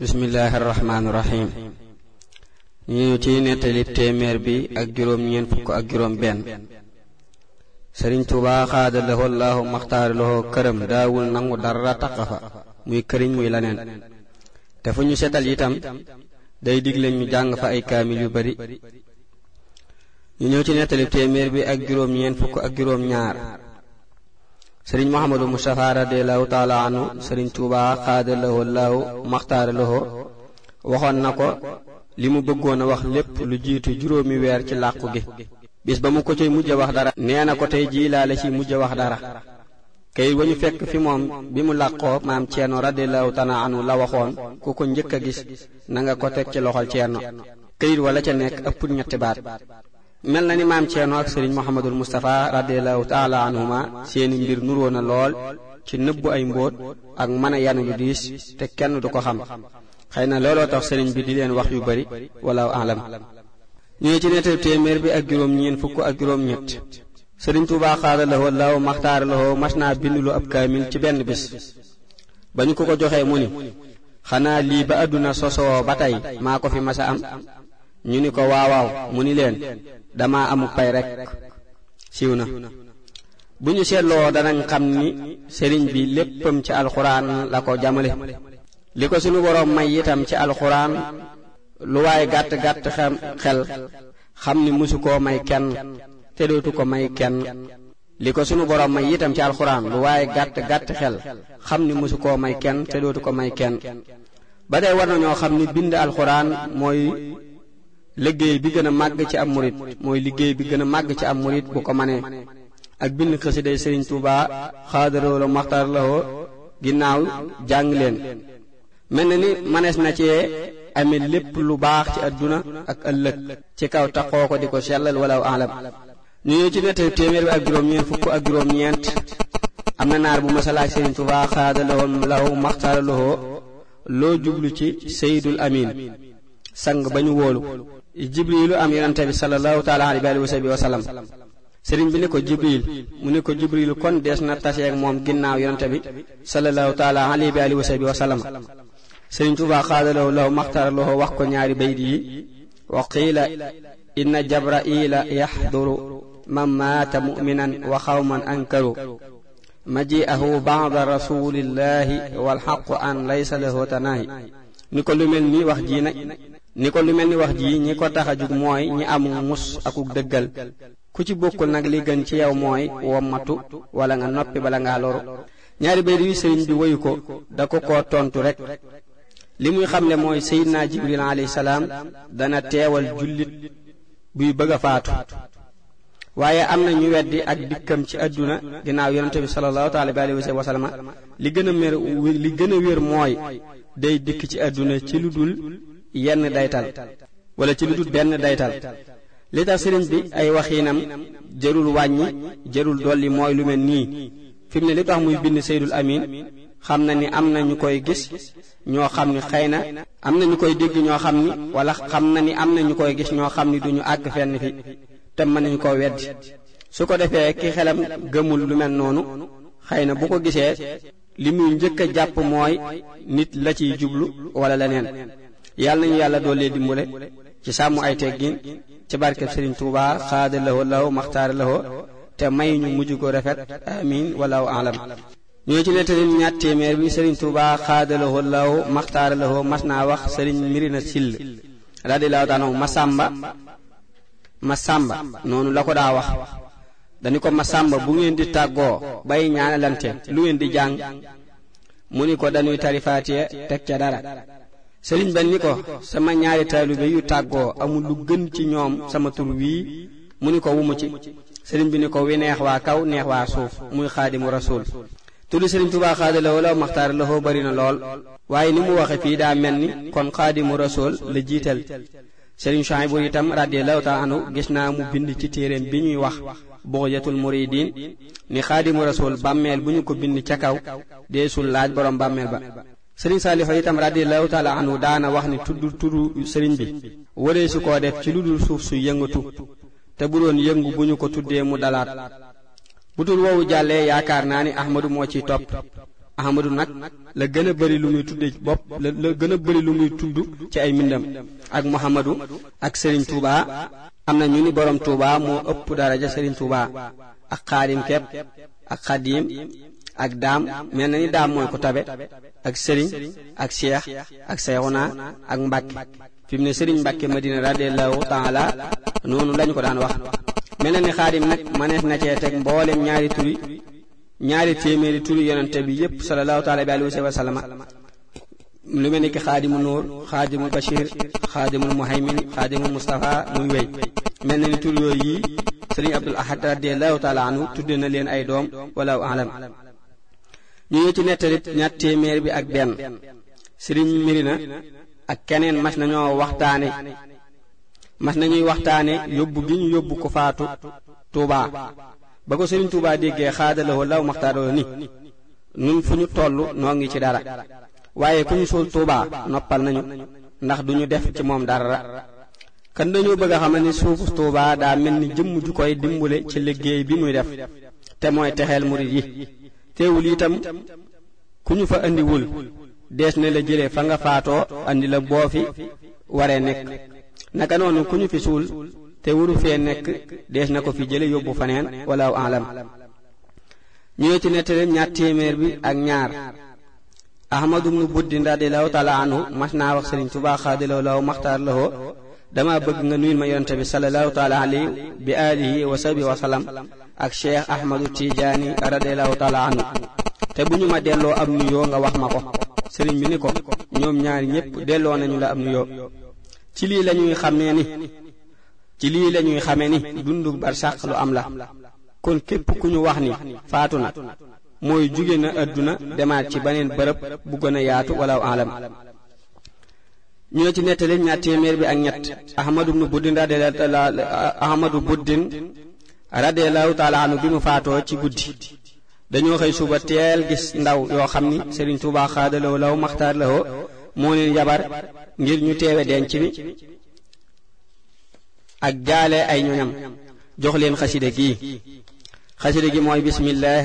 bismillaahi rahmaani rahiim ci nettali téeméer bi ak juróom ñeent fukk ak juróom benn sëriñ Tuubaa xaada lahu allahu maxtaari lahu këram daawul nangu dara taqa fa muy këriñ muy laneen te fu ñu setal itam day digle ñu jàng fa ay kaamil yu bari ñu ñëw ci nettali téeméer bi ak juróom ñeent ak juróom ñaar sëriñ Mouhamadou Moustapha radiallahu taala anhu sëriñ Touba xaada lahu laahu maxtaara lahu waxoon na ko li mu bëggoon a wax lépp lu jiitu juróomi weer ci làqu gi bis ba mu ko cay mujj wax dara nee na ko tey jii laa la ci mujj wax dara kay wa ñu fekk fi moom bi mu làqoo maam ceerno radiallahu taala anhu la waxoon ku ko njëkk a gis na nga ko teg ci loxol ceerno këyit wala ca nekk ëpp ñetti baat mel na ni maam Ceerno ak sëriñ Mouhamadul Moustapha radiallahu taala seeni mbir nuroo na lool ci nëbbu ay mbóot ak mën a yanu lu diis te kenn du ko xam xay na looloo tax sëriñ bi di leen wax yu bari walaaw alam ñoo ci nettali téeméer bi ak juróom ñeen fukk ak juróom ñett sëriñ Tuubaa xaada la wallaahu maxtaara la mas naa bind lu ab kaamil ci benn bis ba ñu ko ko joxee mu ni xanaa lii ba àdduna sosoo ba tey maa ko fi mas am ñu ni ko waawaaw mu ni leen dama amuk pay rek siiw na bu ñu seetloo danañ xam ni sëriñ bi léppam ci alxuraan la ko jamale li ko sunu boroom may itam ci alxuraan lu waay gàtt-gàtt xel xam ni musu koo may kenn te dootu ko may kenn li ko sunu boroom may ci alxuraan lu waay gàtt-gàtt xel xam ni musu koo may kenn te ko may kenn ba tey war nañoo xam ni bind alxuraan mooy liggéey bi gën a màgg ci am murit mooy liggéey bi gën màgg ci am murit bu ko manee ak bind xasiday Sëriñ Tuubaa xaadaroo la maxtaar lawoo ginnaaw jàng leen mel na ni manees na ci amin lépp lu baax ci àdduna ak ëllëg ci kaw taxoo ko di ko sellal walaw alam ñu ñëw ci nettali téeméer bi ak juróom-ñeent am na naar bu masalaaj Sëriñ Tuubaa xaadaroo law maxtaar lawoo loo jublu ci Seydul Amin sang ba ñu wóolu jibrilu am yonente bi sallallahu taala alayhi wa sahbihi wa sallam sëriñ bi ne ko jibril mu ne ko jibrilu kon dees na taseeg moom ginnaaw yonente bi sallallahu taala alayhi wa sahbihi wa la sëriñ Tuubaa xaadalaw law maxtaraloo wax ko ñaari bayt yi wa qiila inna jabraila yaxduru man maata muminan wa xawman ankaru maji'ahu ba'da rasulillahi walxaqu an laysa lahu tanaahi ni ko lu mel nii wax ji nag ni ko lu mel ni wax ji ñi ko tax a jug mooy ñi am mus akuk dëggal ku ci bokkul nag li gën ci yow mooy wommatu wala nga noppi bala ngaa loru ñaari bayt yu sëriñ bi woyu ko da ko ko tontu rek li muy xamle mooy naa Jibril alayhi salaam dana teewal jullit buy bëgg a faatu waaye am na ñu weddi ak dikkam ci àdduna ginnaaw yonente bi sallallahu taala bi li gën a mér li gën a wér mooy day dikk ci àdduna ci lu dul yenn daytal wala ci lu dul benn daytal li tax sëriñ bi ay waxiinam jërul wàññi jërul dolli mooy lu mel nii fi mu ne li tax muy bind Seydul Amin xam na ni am na ñu koy gis ñoo xam ni xëy na am na ñu koy dégg ñoo xam ni wala xam na ni am na ñu koy gis ñoo xam ni duñu àgg fenn fi te mën nañu ko weddi su ko defee ki xelam gëmul lu mel noonu xëy na bu ko gisee li muy njëkk a jàpp mooy nit la ciy jublu wala leneen yàlla nañu yàlla doo doole dimbale ci sàmm ay teggin ci barkeb Sëriñ Tuubaa xaada lahoo lahoo maxtaara lahoo te may ñu mujj ko rafet amin walaahu alam ñoo ci nettali ñaat téeméer bi Sëriñ Tuubaa xaada lahoo lahoo maxtaara lahoo mas naa wax Sëriñ Mirina Sill radiyallaahu taala Masamba Masamba noonu la ko daa wax dañu ko sàmba bu ngeen di tàggoo bay ñaanalante lu ngeen di jàng mu ni ko dañuy tarifaatiye teg ca dara sëriñ ba ni ko sama ñaari taalibe yu tàggoo amul lu gën ci ñoom sama tur wii mu ni ko wumu ci sëriñ bi ni ko wi neex waa kaw neex waa suuf muy xaadimu rasuul tuddu sëriñ Tuubaa xaada la wala maxtaar la foo bari na lool waaye ni mu waxe fii daa mel ni kon xaadimu rasuul la jiital sëriñ Suhaybu itam radiyallahu ta'ala anhu gis naa mu bind ci téereem bi ñuy wax bughyatul muridin ni xaadimu rasuul bàmmeel bu ñu ko bind ca kaw deesul laaj borom bàmmeel ba sëriñ Saliou itam radiyallahu taala anhu daana wax ni tudd turu sëriñ bi waree su koo def ci lu dul suuf su yëngatu te bu doon yëngu bu ñu ko tuddee mu dalaat bu tur woowu jàllee yaakaar naa ni ahmadu moo ciy topp ahmadu nag la gën a bëri lu muy tudde bopp la la gën a bëri lu muy tudd ci ay mbindam ak muhammadu ak sëriñ tuuba am na ñu ni borom Touba moo ëpp daraja sëriñ Touba ak xaadim kepp ak xadim ak daam mel na ni daam mooy ku tabe ak sëriñ ak seex ak seexuna ak mbàkke fi mu ne sëriñ mbàkke madina radiallahu taala noonu lañu ko daan wax mel na ni xaadim nag mënees na cee teg mboolem ñaari turi ñaari téeméeri turi yonente bi yépp sallallahu taala bi alihi wa sallama lu mel ni ki xaadimu nuur xaadimul bashir xaadimul muhaymin xaadimul mustafa muy wéy mel na ni tur yooyu yi sëriñ abdul ahad radiallahu taala anhu tudde na leen ay doom wala alam ñu ñëw ci nettalit ñaar téeméer bi ak benn sëriñ Mirina ak keneen mas nañoo waxtaane mas nañuy waxtaane yóbbu gi ñu yóbbu ko faatu Tuubaa ba ko sëriñ Tuubaa déggee xaadalawoo law maxtaaroo ni nun fu ñu toll noo ngi ci dara waaye ku ñu suul Tuubaa noppal nañu ndax du ñu def ci moom dara kan dañoo bëgg a xamal ni suufu Tuubaa daa mel ni jëmm ju koy dimbule ci liggéey bi muy def te mooy texeel murit yi teewul itam ku ñu fa andiwul dees na la jëlee fa nga faatoo andi la boo fi waree nekk naka noonu ku ñu fi suul te waru fee nekk dees na ko fi jële yóbbu faneen walaaw alam ñëwee ci nettaleem ñaar téeméer bi ak ñaar ahmadu bnu buddin radiallahu taala anhu mas naa wax sëriñ tubaa xaadiloo law maxtaar lahoo dama bëgg nga nuyul ma yonente bi sallallahu taala alayhi bi alihi wa sahbihi wa sallam ak cheikh ahmadu tijaani radiallahu taala anhu te bu ñu ma delloo am nuyoo nga wax ma ko sëriñ bi ni ko ñoom ñaari ñépp delloo nañu la am nuyoo ci lii lañuy xamee ni ci lii lañuy xamee ni dundu barsàq lu am la kon képp ku ñu wax ni faatu na mooy jóge na àdduna demaat ci beneen bërëb bu gën a yaatu walaw alam ñoo ci nettali ñaar téeméer bi ak ñett ahmadu bnu buddin ahmadu buddin radiallahu taala bi mu faatoo ci guddi dañoo xëy suba teel gis ndaw yoo xam ni sëriñ tuuba xaadaloo law maxtaar lawoo moo leen yabar ngir ñu teewe denc bi ak jaale ay ñoñam jox leen xasida gii xasida gi mooy bismillahi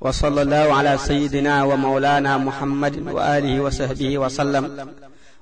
wa sallallahu ala sayyidina wa mawlana muhammadin wa alihi wa sahbihi wa sallam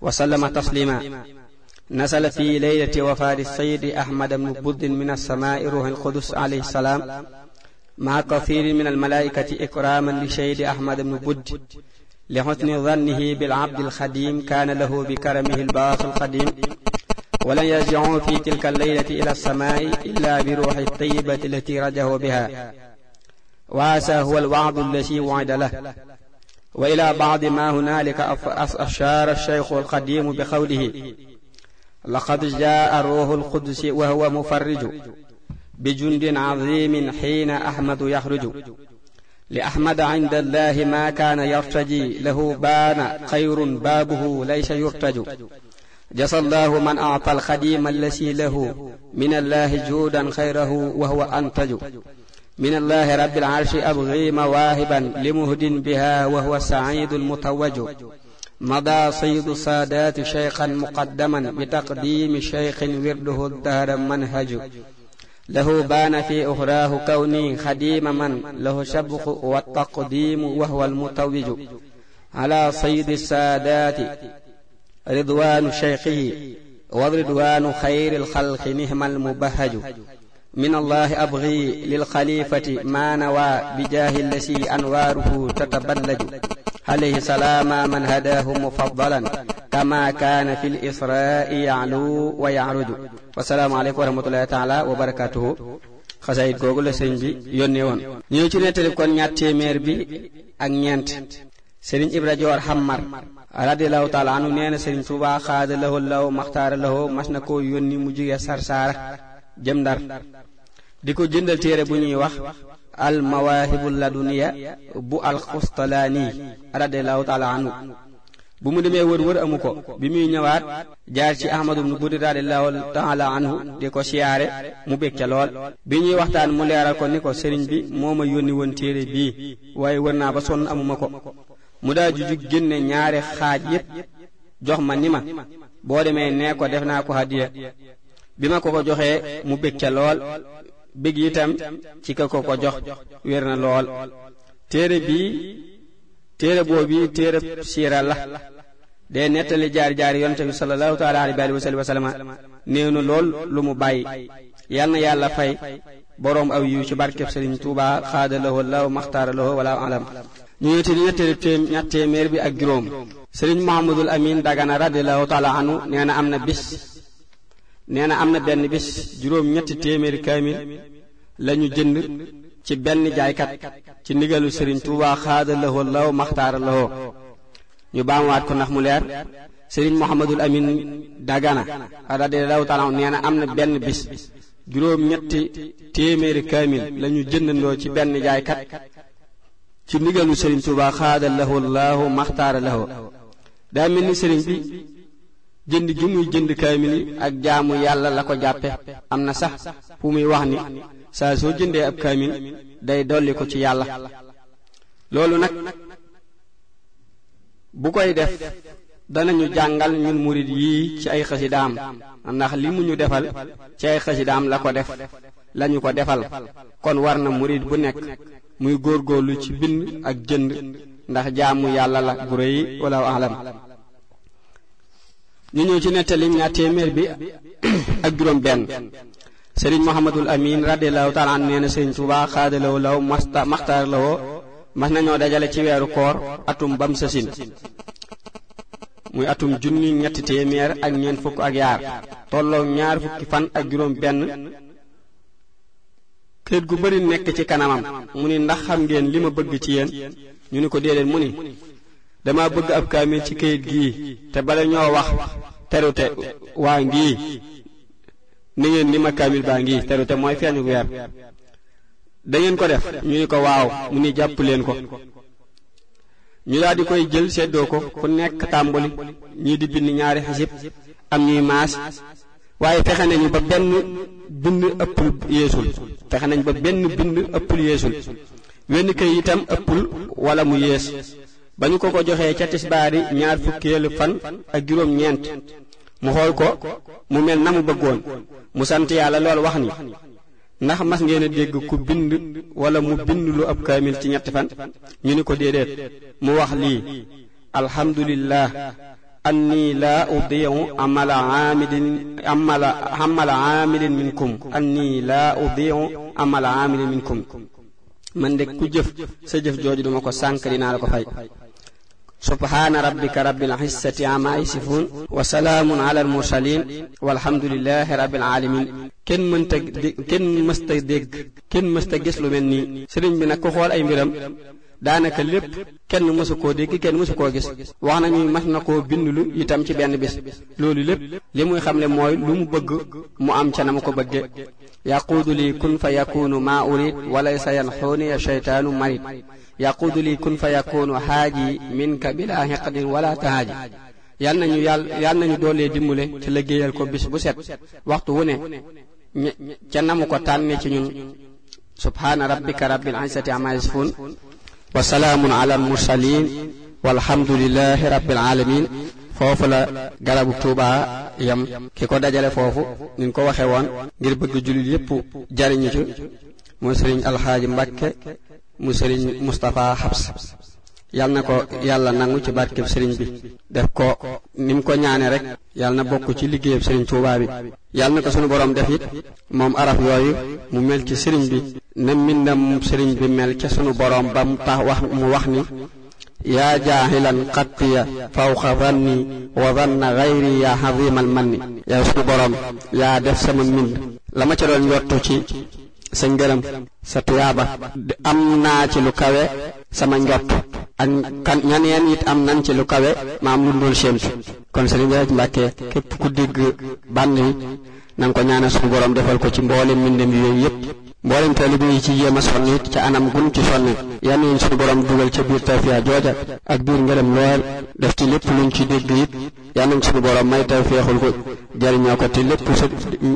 wa sallama taslima nasala fi laylati wafaati sayidi ahmad bnu buddin min alsamaai ruuhi alqudus alayhi salaam maa kathirin min almalaikati ikraman li sayidi ahmad bnu budd li xusni dannihi bilabdi alxadim kaana lahu bi karamihi albaasu alqadim ولن يرجعوا في تلك الليلة إلى السماء إلا بروح الطيبة التي رجعوا بها وهذا هو الوعد الذي وعد له وإلى بعض ما هنالك أشار الشيخ القديم بقوله لقد جاء الروح القدس وهو مفرج بجند عظيم حين أحمد يخرج لأحمد عند الله ما كان يرتجي له بان خير بابه ليس يرتج جزى الله من أعطى الخديم الذي له من الله جودا خيره وهو أنتج min allahi rabbil arshi abghi mawaahiban li muhdin biha wa huwa saidu almutawaju mada sayyidu saadaati shaykhan muqaddaman bi taqdiimi shaykhin wirduhu dahra manhaju lahu baana fi uxraahu kawni xadiima man lahu shabqu wa taqdiimu wa huwa almutawiju ala sayidi saadaati ridwaanu shaykhihi wa ridwaanu xayri alxalqi nihma almubahaju min allahi abgi lilxalifati maanawa bi jaahi lasi anwaaruhu tataballaju alayhi salaama man hadaahu mufaddalan kama kaana fi lisrai yaalu wa yaaruju wasalaamu aleykum wa rahmatullahi taala wa barakatuhu xasayit googu la sëñ bi yónnee woon ñëw ci nettali kon ñaar bi ak ñeent ibra joor xammar radiallahu taala anu nee na sëriñ tuubaa xaada lahu law maxtaara lahu koo yónni mu jugee sarsaara jëm ndar di ko jëndal téere bu ñuy wax al mawaahibu laduniya bu alxustalaani radiallahu taala anhu bu mu demee wër wër amu ko bi muy ñëwaat jaar ci ahmadu bnu budi radiallahu taala anhu di ko siyaare mu bég lool bi ñuy waxtaan mu leeral ko ni ko sëriñ bi moo ma yónni woon téere bii waaye wër naa ba sonn amuma ko mu daa ju jug génne ñaari xaaj yépp jox ma ni ma boo demee nee ko def naa ko hadiya bi ma ko ko joxee mu bég ca lool bég itam ci ka ko ko jox wér na lool téere bii téere boobu téere siira la day nettali jaar jaar yonte bi sallallahu taala alayhi wa sallam wa sallama néew na lool lu mu bàyyi yal na yàlla fay boroom aw yiw ci barkeb sëriñ Tuuba xaada lahu law maxtaara lahu wala alam ñu ñetti di ñettali bi ak juróom sëriñ Muhammadul Amin Dagana radiyallahu taala nee na am na bis nee na am na benn bis juróom ñetti téeméeri kaamil lañu jënd ci benn jaaykat ci ndigalu sëriñ Tuubaa xaada lahoo law maxtaara lahoo ñu baamuwaat ko ndax mu leer sëriñ Mouhamadul Amin Dagana radiyallahu taala nee am na benn bis juróom ñetti téeméeri kaamil jëndandoo ci benn jaaykat ci ndigalu sëriñ Tuubaa xaada lahoo laahu maxtaara sëriñ bi jënd gi muy jënd kaamil yi ak jaamu yàlla la ko jàppe am na sax fu muy wax ni saa soo jëndee ab kaamil day dolli ko ci yàlla loolu nag bu koy def danañu jàngal ñun murid yii ci ay xasidaam ndax li mu ñu defal ci ay xasidaam la ko def lañu ko defal kon war na murid bu nekk muy góorgóorlu ci bind ak jënd ndax jaamu yàlla la bu rëy wala alam ñu ñëw ci nettali ñaar bi ak juróom benn sëriñ Mouhamadul Amin radiallahu taala an nee na sëriñ Tuubaa xaadalawu law masta maxtaar nañoo dajale ci weeru koor atum bam sasin muy atum junni ñetti téeméer ak ñeent fukk ak yaar tolloo ñaar fukki fan ak juróom benn këyit gu bari nekk ci kanamam mu ni ndax xam ngeen li ma bëgg ci yéen ñu ni ko déedéet mu ni dama bëgg ab kaamil ci kayit gii te bala ñoo wax terute waa ngii ni ngeen ni ma kaamil baa ngii terute mooy feeñu weer da ngeen ko def ñu ni ko waaw mu ni jàpp leen ko ñu daal di koy jël seddoo ko ku nekk tàmbali ñii di bind ñaari xasib am ñuy maas waaye fexe nañu ba benn bind ëppul yeesul fexe nañ ba benn bind ëppul yeesul wenn kay itam ëppul wala mu yees ba ñu ko ko joxee ca tisbaari ñaar fukkeelu fan ak juróom ñeent mu xool ko mu mel na mu bëggoon mu sant yàlla lool wax ni ndax mas ngeen a dégg ku bind wala mu bind lu ab kaamil ci ñetti fan ñu ni ko déedéet mu wax lii alhamdulillah anni laa udiu amala amilin amala amala amilin minkum anni la udiu amala amilin minkum man de ku jëf sa jëf jooju duma ko sànk dinaa la ko fay subhaana rabbika rabbil izzati ammaa yasifuun wa salaamun alal mursaliin walhamdulillaahi rabbil aalamiin kenn mënta kenn mësta dégg kenn mësta gis lu mel nii sëriñ bi nag ku xool ay mbiram daanaka lépp kenn mësu koo dégg kenn mësu koo gis wax nañu mas na koo bind lu itam ci benn bis loolu lépp li muy xam xamle mooy lu mu bëgg mu am ca na mu ko bëgge yaquudu li kun fa yakunu maa urid wa laysa yanxuuni shaytaanu marid yaquudu li kun fa yakunu xaaji minka bila hiqdin wala tahaaji yal nañu yàlla yal nañu doolee dimbale ci liggéeyal ko bis bu set waxtu wu ne ca namu ko tànne ci ñun subhaana rabbika rabbil izzati amma yasifun wa salaamun ala al mursalin walhamdulillahi rabbil alamin foofu la garabu Tuuba yam ki ko dajale foofu ni ko waxe woon ngir bëgg jullit yépp jariñu ci mooy sëriñ alxaaji Mbàkke mu sëriñ Moustapha Habs yal na ko yàlla nangu ci barkeb sëriñ bi def ko ni mu ko ñaane rek yal na bokk ci liggéeyab sëriñ Tuubaa bi yal na ko sunu borom def it moom arab yooyu mu mel ci sëriñ bi ne mbindam sëriñ bi mel ca sunu boroom ba mu tax wax mu wax ni yaa jaahilan xattiya fawqa vanni wa vanna gayri yaa xazimal manni yow sunu borom yaa def sama mbind la ma ca doon yottu ci sa ngërëm sa tuyaaba am naa ci lu kawe sama njott ak kan ñaneen it am nañ ci lu kawe ma am lu dool séentu kon Sëriñ Jaaj Mbàkke képp ku digg bànn yi na nga ko ñaanal su borom defal ko ci mboolem mbindam yooyu yëpp mboolem taalibe yi ci yéem a sonni ca anam gun ci sonni yan ñu suñu borom dugal ca biir tawfiya jooja ak biir ngërëm lool def ci lépp luñ ci dégg it yan ñu suñu borom may tawfeexul ko jëriñoo ko te lépp su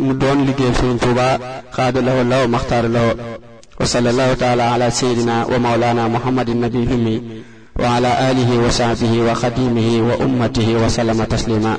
mu doon liggéey Sëriñ Tuubaa xaada lahu law maxtaar lahu wa sallallahu taala ala sayyidina wa mawlana muhammadin nabi ummi wa ala alihi wa sahbihi wa xadimihi wa ummatihi wa sallama taslima